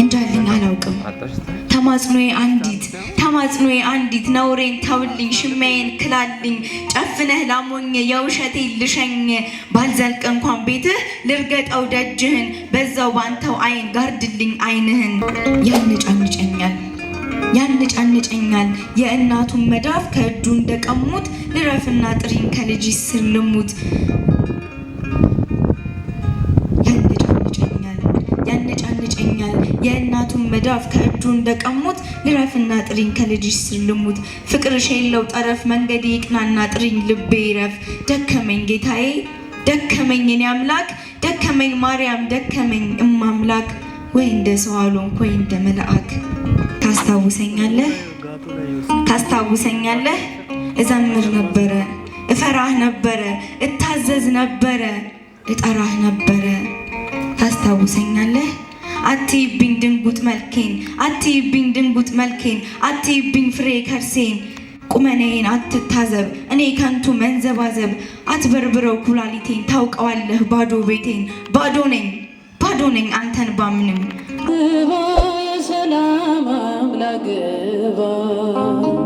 እንጃልኝ አላውቅም። ተማጽኖዬ አንዲት ተማጽኖዬ አንዲት ነውሬን ተውልኝ ሽሜን ክላልኝ ጨፍነህ ላሞኝ የውሸቴ ልሸኝ ባልዘልቅ እንኳን ቤትህ ልርገጠው ደጅህን በዛው ባንተው አይን ጋርድልኝ አይንህን ያንጫንጨኛል ያንጫንጨኛል የእናቱን መዳፍ ከእጁ እንደቀሙት ልረፍና ጥሪን ከልጅ ስር ልሙት በዳፍ ከእጁ እንደቀሙት ልረፍና ጥሪኝ ከልጅሽ ስልሙት ፍቅርሽ የለው ጠረፍ መንገዴ ይቅናና ጥሪኝ ልቤ ይረፍ ደከመኝ ጌታዬ ደከመኝ እኔ አምላክ ደከመኝ ማርያም ደከመኝ እማ አምላክ ወይ እንደ ሰው አልሆንኩ ወይ እንደ መልአክ ታስታውሰኛለህ ታስታውሰኛለህ እዘምር ነበረ እፈራህ ነበረ እታዘዝ ነበረ እጠራህ ነበረ ታስታውሰኛለህ አትይብኝ ድንጉጥ መልኬን፣ አትይብኝ ድንጉጥ መልኬን፣ አትይብኝ ፍሬ ከርሴን። ቁመናዬን አትታዘብ እኔ ከንቱ መንዘባዘብ፣ አትበርብረው ኩላሊቴን። ታውቀዋለህ ባዶ ቤቴን፣ ባዶ ነኝ ባዶ ነኝ አንተን ባምንም ግባ አምላክ ግባ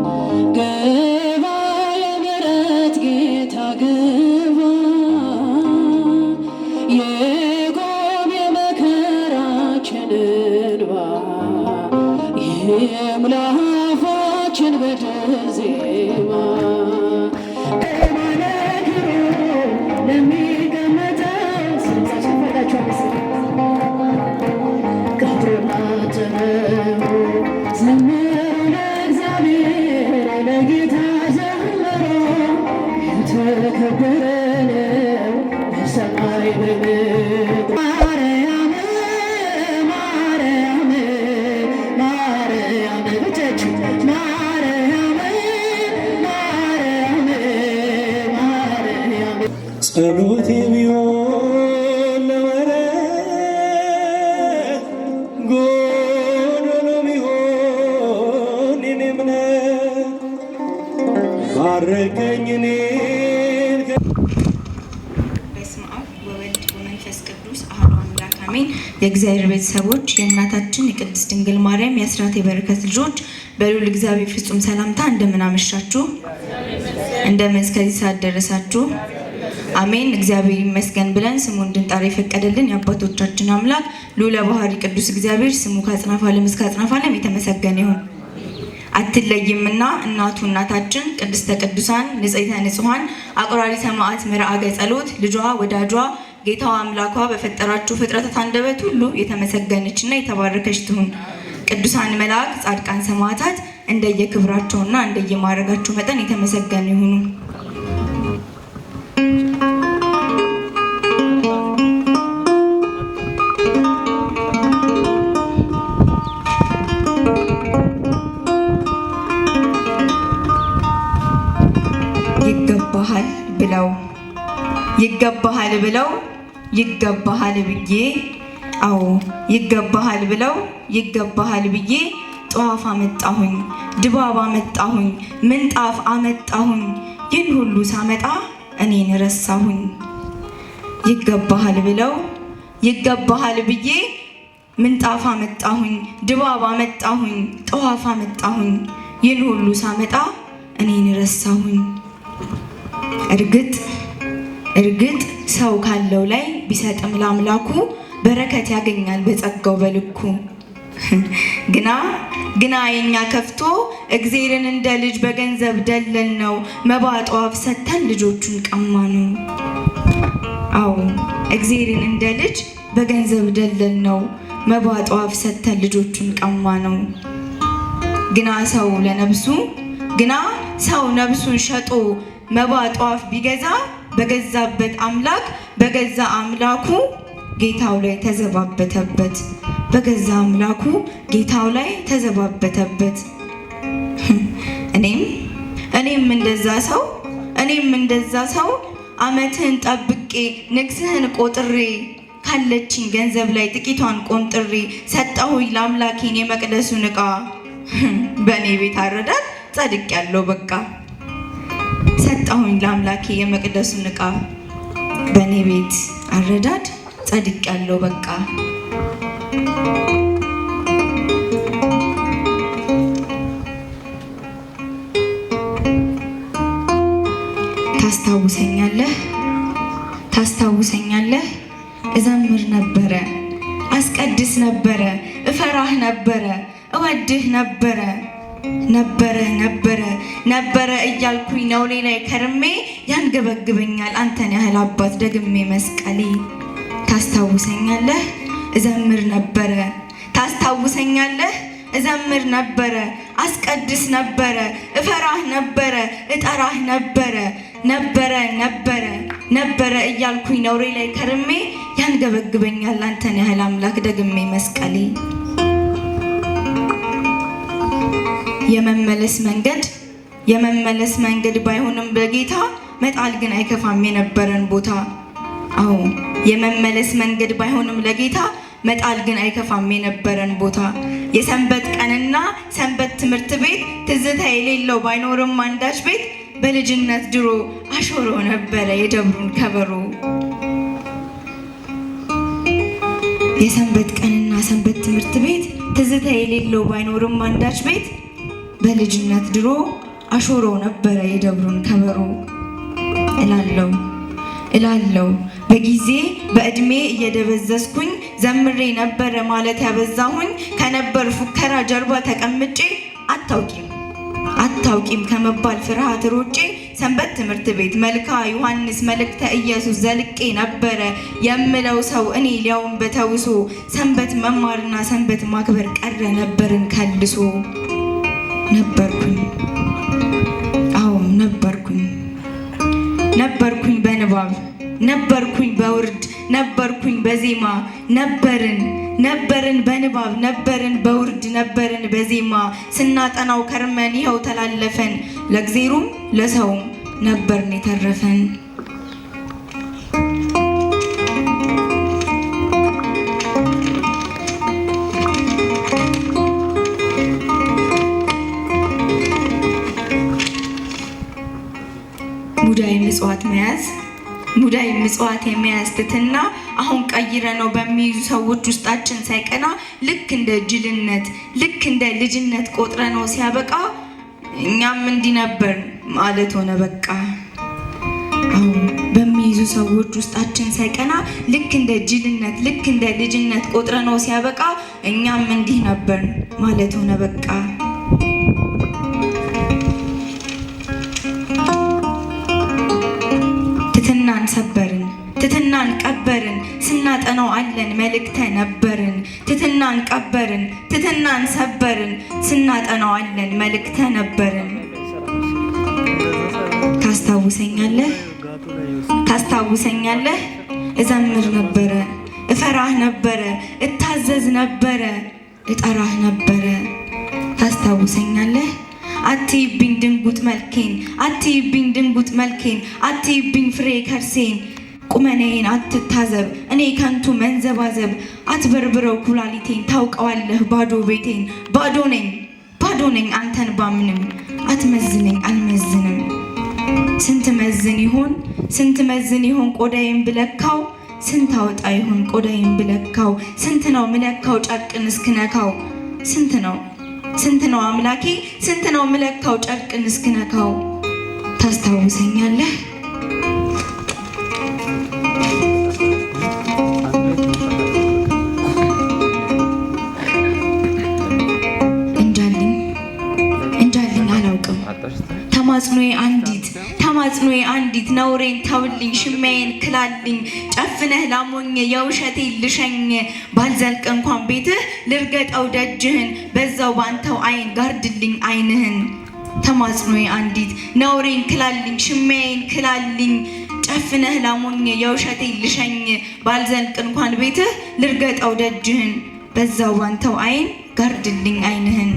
ቤተሰቦች የእናታችን የቅድስት ድንግል ማርያም የአስራት የበረከት ልጆች በልዑል እግዚአብሔር ፍጹም ሰላምታ እንደምን አመሻችሁ፣ እንደምን እስከዚህ ሰዓት ደረሳችሁ። አሜን። እግዚአብሔር ይመስገን ብለን ስሙ እንድንጠራ የፈቀደልን የአባቶቻችን አምላክ ልዑለ ባህሪ ቅዱስ እግዚአብሔር ስሙ ከአጽናፈ ዓለም እስከ አጽናፈ ዓለም የተመሰገነ ይሁን። አትለይምና እናቱ እናታችን ቅድስተ ቅዱሳን ንጽሕተ ንጹሐን አቁራሪ ሰማዕት መርአገ ጸሎት ልጇ ወዳጇ ጌታዋ አምላኳ በፈጠራችሁ ፍጥረታት አንደበት ሁሉ የተመሰገነች እና የተባረከች ትሁን። ቅዱሳን መላእክት፣ ጻድቃን፣ ሰማዕታት እንደየክብራቸውና እንደየማድረጋቸው መጠን የተመሰገኑ ይሁኑ። ይገባሃል ብለው ይገባሃል ብለው ይገባሃል ብዬ አዎ ይገባሃል ብለው ይገባሃል ብዬ ጠዋፍ አመጣሁኝ፣ ድባብ አመጣሁኝ፣ ምንጣፍ አመጣሁኝ። ይህን ሁሉ ሳመጣ እኔን ረሳሁኝ። ይገባሃል ብለው ይገባሃል ብዬ ምንጣፍ አመጣሁኝ፣ ድባብ አመጣሁኝ፣ ጠዋፍ አመጣሁኝ። ይህን ሁሉ ሳመጣ እኔን ረሳሁኝ። እርግጥ እርግጥ ሰው ካለው ላይ ቢሰጥም ለአምላኩ በረከት ያገኛል በጸጋው በልኩ። ግና ግና የኛ ከፍቶ እግዜርን እንደ ልጅ በገንዘብ ደለል ነው መባጦ አብሰተን ልጆቹን ቀማ ነው። አዎ እግዜርን እንደ ልጅ በገንዘብ ደለል ነው መባጦ አብሰተን ልጆቹን ቀማ ነው። ግና ሰው ለነብሱ ግና ሰው ነብሱን ሸጦ መባጦ ቢገዛ በገዛበት አምላክ በገዛ አምላኩ ጌታው ላይ ተዘባበተበት። በገዛ አምላኩ ጌታው ላይ ተዘባበተበት። እኔም እኔም እንደዛ ሰው እኔም እንደዛ ሰው ዓመትህን ጠብቄ ንግስህን ቆጥሬ ካለችኝ ገንዘብ ላይ ጥቂቷን ቆንጥሬ ሰጠሁኝ ለአምላኬን የመቅደሱን ዕቃ በእኔ ቤት አረዳት ጸድቅ ያለው በቃ ሰጣሁኝ ለአምላኬ የመቅደሱን እቃ በእኔ ቤት አረዳድ ጸድቅ ያለው በቃ ታስታውሰኛለህ ታስታውሰኛለህ እዘምር ነበረ አስቀድስ ነበረ እፈራህ ነበረ እወድህ ነበረ ነበረ ነበረ ነበረ እያልኩኝ ነውሌ ላይ ከርሜ ያንገበግበኛል አንተን ያህል አባት ደግሜ መስቀሌ። ታስታውሰኛለህ እዘምር ነበረ ታስታውሰኛለህ እዘምር ነበረ አስቀድስ ነበረ እፈራህ ነበረ እጠራህ ነበረ ነበረ ነበረ ነበረ እያልኩኝ ነውሬ ላይ ከርሜ ያንገበግበኛል አንተን ያህል አምላክ ደግሜ መስቀሌ የመመለስ መንገድ የመመለስ መንገድ ባይሆንም በጌታ መጣል ግን አይከፋም የነበረን ቦታ። አዎ የመመለስ መንገድ ባይሆንም ለጌታ መጣል ግን አይከፋም የነበረን ቦታ። የሰንበት ቀንና ሰንበት ትምህርት ቤት ትዝታ የሌለው ባይኖርም አንዳች ቤት በልጅነት ድሮ አሾሮ ነበረ የደብሩን ከበሮ። የሰንበት ቀንና ሰንበት ትምህርት ቤት ትዝታ የሌለው ባይኖርም አንዳች ቤት በልጅነት ድሮ አሾሮ ነበረ የደብሩን ከበሮ እላለው እላለው በጊዜ በእድሜ እየደበዘዝኩኝ ዘምሬ ነበረ ማለት ያበዛሁኝ ከነበር ፉከራ ጀርባ ተቀምጬ አታውቂም አታውቂም ከመባል ፍርሃት ሮጬ ሰንበት ትምህርት ቤት መልካ ዮሐንስ መልእክተ ኢየሱስ ዘልቄ ነበረ የምለው ሰው እኔ ሊያውን በተውሶ ሰንበት መማርና ሰንበት ማክበር ቀረ ነበርን ከልሶ ነበርኩኝ። አዎ ነበርኩኝ፣ ነበርኩኝ በንባብ ነበርኩኝ በውርድ ነበርኩኝ በዜማ ነበርን ነበርን በንባብ ነበርን በውርድ ነበርን በዜማ ስናጠናው ከርመን ይኸው ተላለፈን ለእግዜሩም ለሰውም ነበርን የተረፈን። ሙዳይ ምጽዋት የሚያስትትና አሁን ቀይረ ነው በሚይዙ ሰዎች ውስጣችን ሳይቀና ልክ እንደ ጅልነት ልክ እንደ ልጅነት ቆጥረ ነው ሲያበቃ እኛም እንዲህ ነበር ማለት ሆነ በቃ። አሁን በሚይዙ ሰዎች ውስጣችን ሳይቀና ልክ እንደ ጅልነት ልክ እንደ ልጅነት ቆጥረ ነው ሲያበቃ እኛም እንዲህ ነበር ማለት ሆነ በቃ። ሰበርን ትትናን ቀበርን ስናጠናው አለን መልእክተ ነበርን ትትናን ቀበርን ትትናን ሰበርን ስናጠናው አለን መልእክተ ነበርን ታስታውሰኛለህ ታስታውሰኛለህ እዘምር ነበረ እፈራህ ነበረ እታዘዝ ነበረ እጠራህ ነበረ ታስታውሰኛለህ አትይብኝ ድንጉጥ መልኬን አትይብኝ ድንጉጥ መልኬን አትይብኝ ፍሬ ከርሴን ቁመናዬን አትታዘብ እኔ ከንቱ መንዘባዘብ አትበርብረው ኩላሊቴን ታውቀዋለህ ባዶ ቤቴን ባዶ ነኝ ባዶ ነኝ አንተን ባምንም አትመዝነኝ አልመዝንም ስንት መዝን ይሆን ስንት መዝን ይሆን ቆዳዬን ብለካው ስንት አወጣ ይሆን ቆዳዬን ብለካው ስንት ነው ምለካው ጨርቅን እስክነካው ስንት ነው ስንት ነው አምላኬ፣ ስንት ነው ምለካው ጨርቅን እስክነካው ታስታውሰኛለህ እንጃልኝ እንጃልኝ አላውቅም ተማጽኖዬ አንዲት ተማጽኖ አንዲት ነውሬን ተውልኝ፣ ሽሜን ክላልኝ፣ ጨፍነህ ላሞኝ የውሸቴን ልሸኝ። ባልዘልቅ እንኳን ቤትህ ልርገጠው ደጅህን፣ በዛው ባንተው አይን ጋርድልኝ አይንህን። ተማጽኖዬ አንዲት ነውሬን ክላልኝ፣ ሽሜን ክላልኝ ጨፍነህ ላሞኝ የውሸቴ ልሸኝ ባልዘልቅ እንኳን ቤትህ ልርገጠው ደጅህን በዛው ባንተው አይን ጋርድልኝ አይንህን ተማጽኖ አንዲት ነውሬን ክላልኝ ሽሜን ክላልኝ ጨፍነህ ላሞኝ የውሸቴ ልሸኝ ባልዘልቅ እንኳን ቤትህ ልርገጠው ደጅህን በዛው ባንተው አይን ጋርድልኝ አይንህን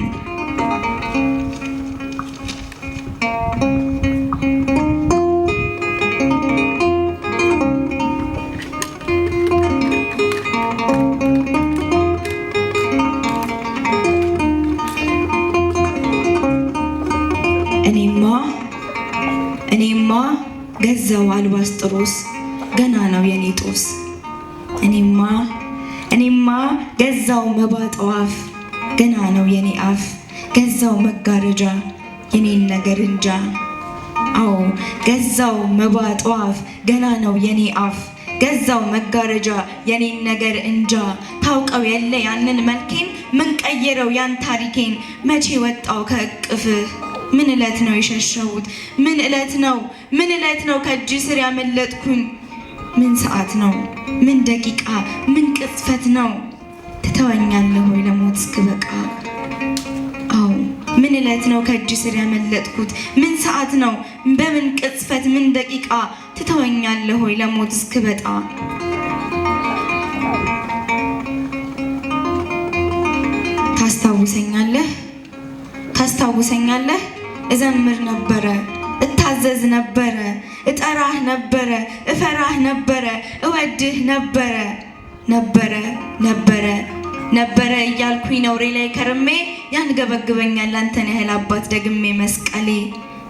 አልባስ አልባስጥሮስ ገና ነው የኔ ጦስ እኔማ እኔማ ገዛው መባ ጠዋፍ ገና ነው የኔ አፍ ገዛው መጋረጃ የኔን ነገር እንጃ አዎ ገዛው መባ ጠዋፍ ገና ነው የኔ አፍ ገዛው መጋረጃ የኔን ነገር እንጃ ታውቀው የለ ያንን መልኬን ምን ቀየረው ያን ታሪኬን መቼ ወጣው ከእቅፍህ ምን እለት ነው የሸሸሁት? ምን እለት ነው ምን እለት ነው ከእጅ ስር ያመለጥኩኝ? ምን ሰዓት ነው ምን ደቂቃ ምን ቅጽፈት ነው ትተወኛለህ ወይ ለሞት እስክበቃ? አዎ ምን ዕለት ነው ከእጅ ስር ያመለጥኩት? ምን ሰዓት ነው በምን ቅጽፈት ምን ደቂቃ ትተወኛለህ ወይ ለሞት እስክበጣ? ታስታውሰኛለህ ታስታውሰኛለህ እዘምር ነበረ፣ እታዘዝ ነበረ፣ እጠራህ ነበረ፣ እፈራህ ነበረ፣ እወድህ ነበረ ነበረ ነበረ ነበረ እያልኩኝ ነውሬ ላይ ከርሜ ያንገበግበኛል አንተን ያህል አባት ደግሜ መስቀሌ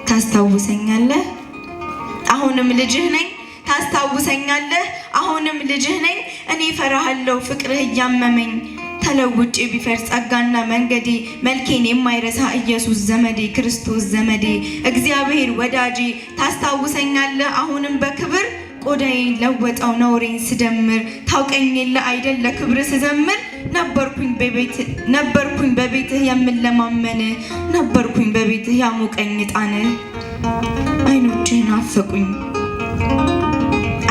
ታስታውሰኛለህ አሁንም ልጅህ ነኝ ታስታውሰኛለህ አሁንም ልጅህ ነኝ እኔ እፈራሃለሁ ፍቅርህ እያመመኝ ተለውጬ ቢፈር ጸጋና መንገዴ መልኬን የማይረሳ ኢየሱስ ዘመዴ ክርስቶስ ዘመዴ እግዚአብሔር ወዳጄ ታስታውሰኛለህ አሁንም በክብር ቆዳዬን ለወጠው ነውሬን ስደምር ታውቀኝ የለ አይደለ ክብር ስዘምር ነበርኩኝ በቤትህ የምለማመን ነበርኩኝ በቤትህ ያሞቀኝ እጣን አይኖችህን አፈቁኝ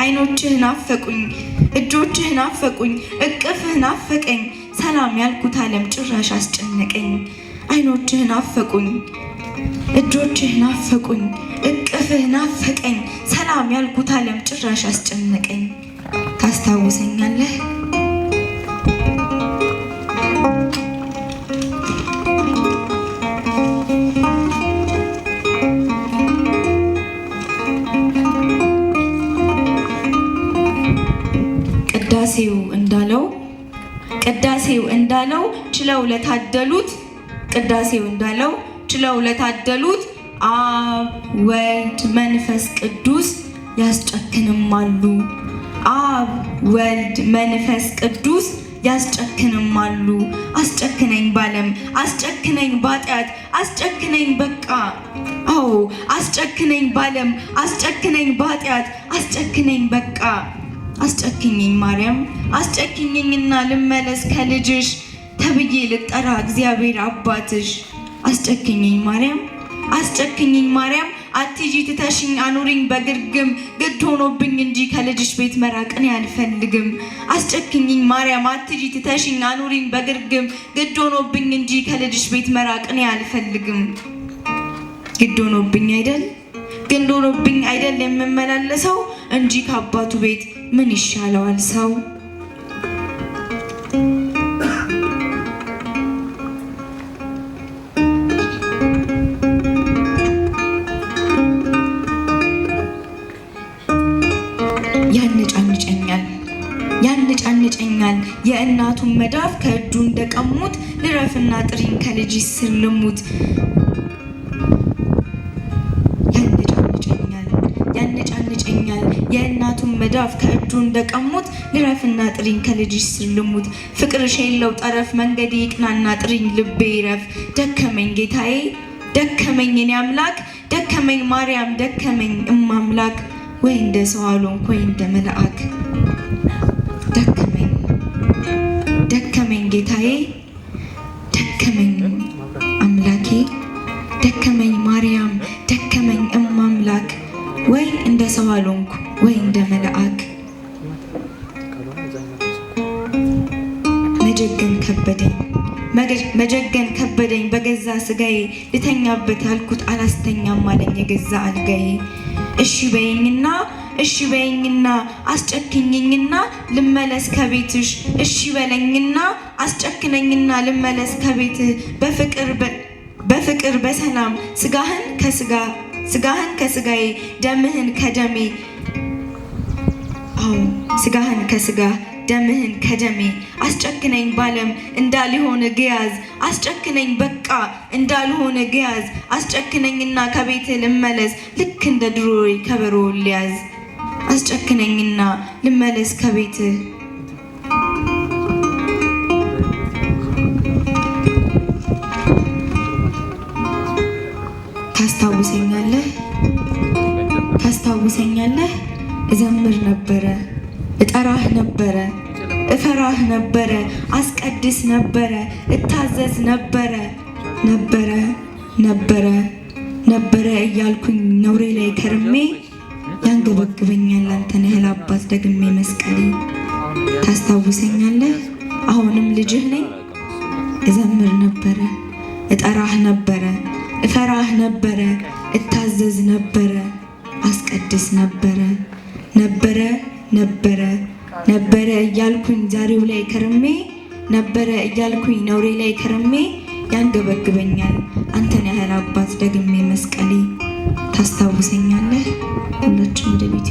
አይኖችህን አፈቁኝ እጆችህን አፈቁኝ እቅፍህን አፈቀኝ ሰላም ያልኩት ዓለም ጭራሽ አስጨነቀኝ። አይኖችህን አፈቁኝ፣ እጆችህን አፈቁኝ፣ እቅፍህን አፈቀኝ። ሰላም ያልኩት ዓለም ጭራሽ አስጨነቀኝ። ታስታውሰኛለህ? ቅዳሴው ቅዳሴው እንዳለው ችለው ለታደሉት ቅዳሴው እንዳለው ችለው ለታደሉት አብ ወልድ መንፈስ ቅዱስ ያስጨክንማሉ። አብ ወልድ መንፈስ ቅዱስ ያስጨክንማሉ። አስጨክነኝ ባለም፣ አስጨክነኝ ባጢአት፣ አስጨክነኝ በቃ አዎ፣ አስጨክነኝ ባለም፣ አስጨክነኝ ባጢአት፣ አስጨክነኝ በቃ አስጨክኝኝ ማርያም አስጨክኝኝና ልመለስ ከልጅሽ ተብዬ ልጠራ እግዚአብሔር አባትሽ አስጨክኝኝ ማርያም አስጨክኝኝ ማርያም አትጂ ትተሽኝ አኑሪኝ በግርግም ግድ ሆኖብኝ እንጂ ከልጅሽ ቤት መራቅን አልፈልግም። አስጨክኝኝ ማርያም አትጂ ትተሽኝ አኑሪኝ በግርግም ግድ ሆኖብኝ እንጂ ከልጅሽ ቤት መራቅን አልፈልግም። ግድ ሆኖብኝ አይደል ግንዶሮብኝ አይደል የምመላለሰው እንጂ ከአባቱ ቤት ምን ይሻለዋል ሰው? ያነጫንጨኛል የእናቱን መዳፍ ከእጁ እንደቀሙት ልረፍና ጥሪን ከልጅ ስር ልሙት የእናቱን መዳፍ ከእጁ እንደቀሙት ይረፍና ጥሪኝ ከልጅሽ ስር ልሙት። ፍቅርሽ የለው ጠረፍ መንገዴ ይቅናና ጥሪኝ ልቤ ይረፍ። ደከመኝ ጌታዬ ደከመኝ እኔ አምላክ ደከመኝ ማርያም ደከመኝ እማ አምላክ ወይ እንደ ሰው አልሆንኩ ወይ እንደ መልአክ ደከመኝ ደከመኝ ጌታዬ ደከመኝ አምላኬ ደከመኝ ማርያም ደከመኝ እማ አምላክ ወይ እንደ ሰው አልሆንኩ ወይ እንደ መልአክ መጀገን ከበደኝ መጀገን ከበደኝ በገዛ ስጋዬ ልተኛበት ያልኩት አላስተኛም አለኝ የገዛ አልጋዬ። እሺ በይኝና እሺ በይኝና አስጨክኝኝና ልመለስ ከቤትሽ እሺ በለኝና አስጨክነኝና ልመለስ ከቤትህ በፍቅር በሰላም ስጋህን ከስጋ ስጋህን ከስጋዬ ደምህን ከደሜ አዎ ስጋህን ከስጋ ደምህን ከደሜ አስጨክነኝ ባለም እንዳልሆነ ግያዝ አስጨክነኝ በቃ እንዳልሆነ ግያዝ አስጨክነኝና ከቤት ልመለስ ልክ እንደ ድሮይ ከበሮ ሊያዝ አስጨክነኝና ልመለስ ከቤት ታስታውሰኛለህ ታስታውሰኛለህ እዘምር ነበረ፣ እጠራህ ነበረ፣ እፈራህ ነበረ፣ አስቀድስ ነበረ፣ እታዘዝ ነበረ ነበረ ነበረ ነበረ እያልኩኝ ነውሬ ላይ ከርሜ ያንገበግበኛል አንተን ያህል አባት ደግሜ መስቀል ታስታውሰኛለህ። አሁንም ልጅህ ነኝ። እዘምር ነበረ፣ እጠራህ ነበረ፣ እፈራህ ነበረ፣ እታዘዝ ነበረ፣ አስቀድስ ነበረ ነበረ ነበረ ነበረ እያልኩኝ ዛሬው ላይ ከርሜ ነበረ እያልኩኝ ነውሬ ላይ ከርሜ ያንገበግበኛል አንተን ያህል አባት ደግሜ መስቀሌ ታስታውሰኛለህ። ሁላችን ወደ ቤት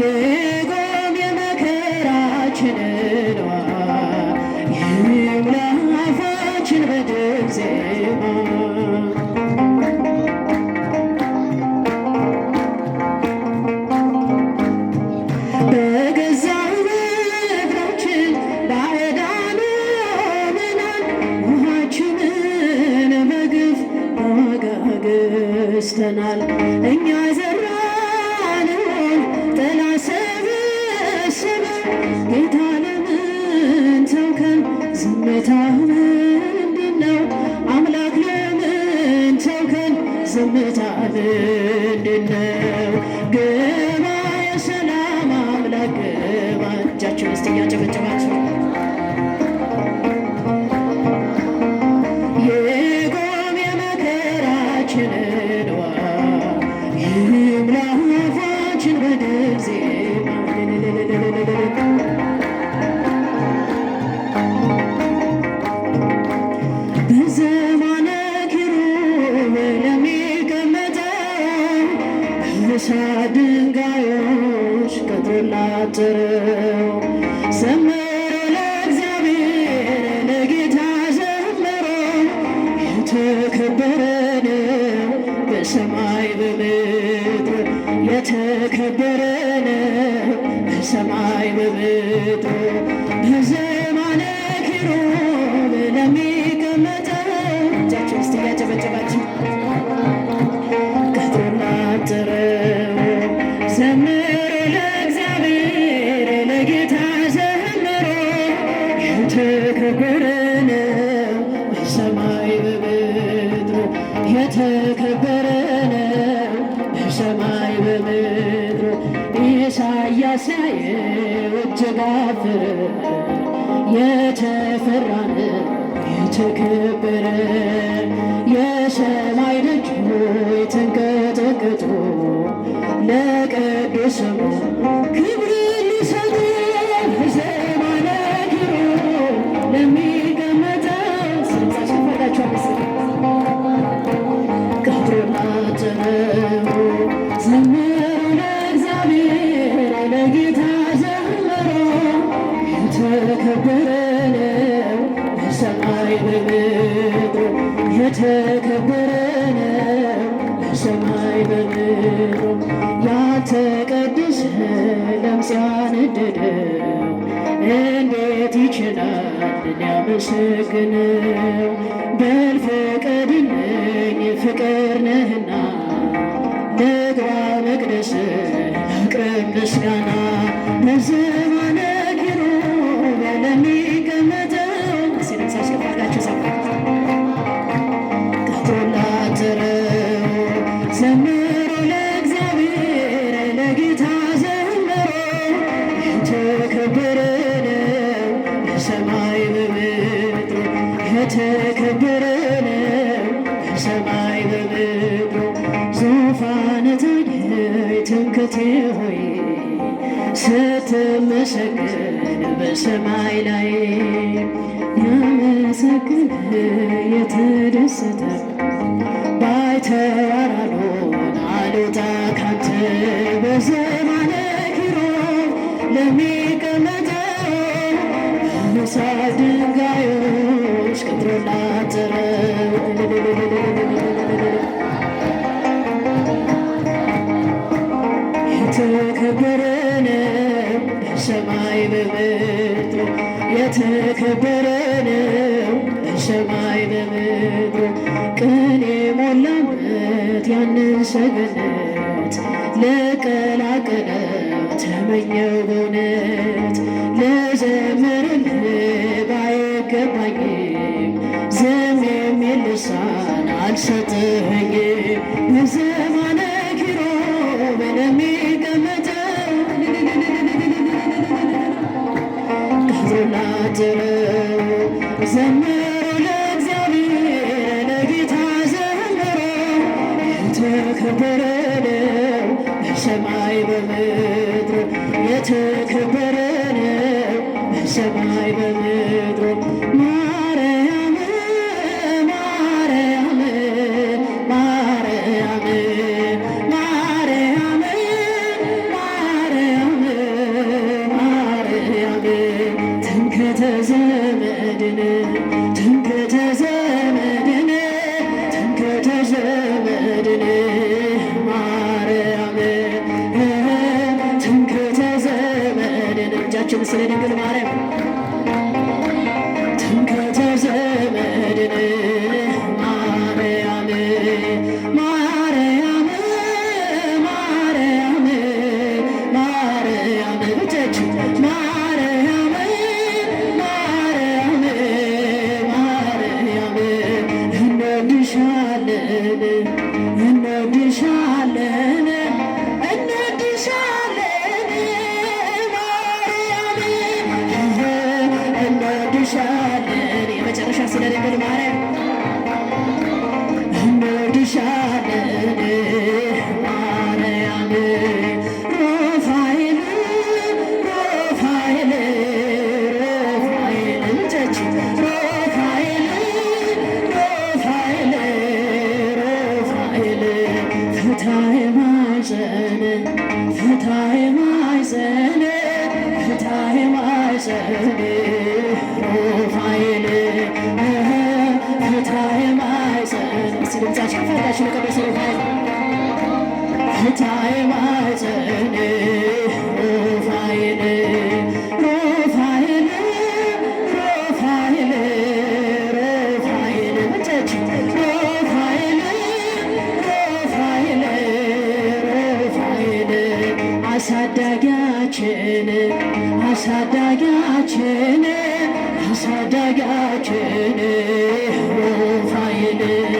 ይቁም የመከራችን እንባ የተከበረ ነው በሰማይ በምድር የተከበረ ነው በሰማይ በምድር ያንተ ቀድስ ለምጽ ያነደደ እንዴት ይችላል ሊያመሰግነው በል ፍቀድልኝ ፍቅር ነህና ለግራ መቅደስ አቅርብ ምስጋና የተከበረ ሰማይ በምድሩ ዙፋነ ተድላይ ትምክህቴ ሆይ ስትመሰገን በሰማይ ላይ ያመሰግን የተደሰተ ባይተራሮን አሉታ ካንተ በዘማነ ኪሮን ለሚ የተከበረ ነው በሰማይ በምድር የተከበረ ነው በሰማይ በምድር ቀን የሞላበት ያንን ሰገነት ለቀላቀለ ተመኘው በእውነት صدقي من زمانك روح انا ميقى مدى قهرنا ترى زمر لك زمير انا قيت عزمر يتكبرنا سمعي بمدر يتكبرنا سمعي بمدر ما ድንገተ ዘመድነ ድንገተ አሳዳጊያችን አሳዳጊያችን አሳዳጊያችን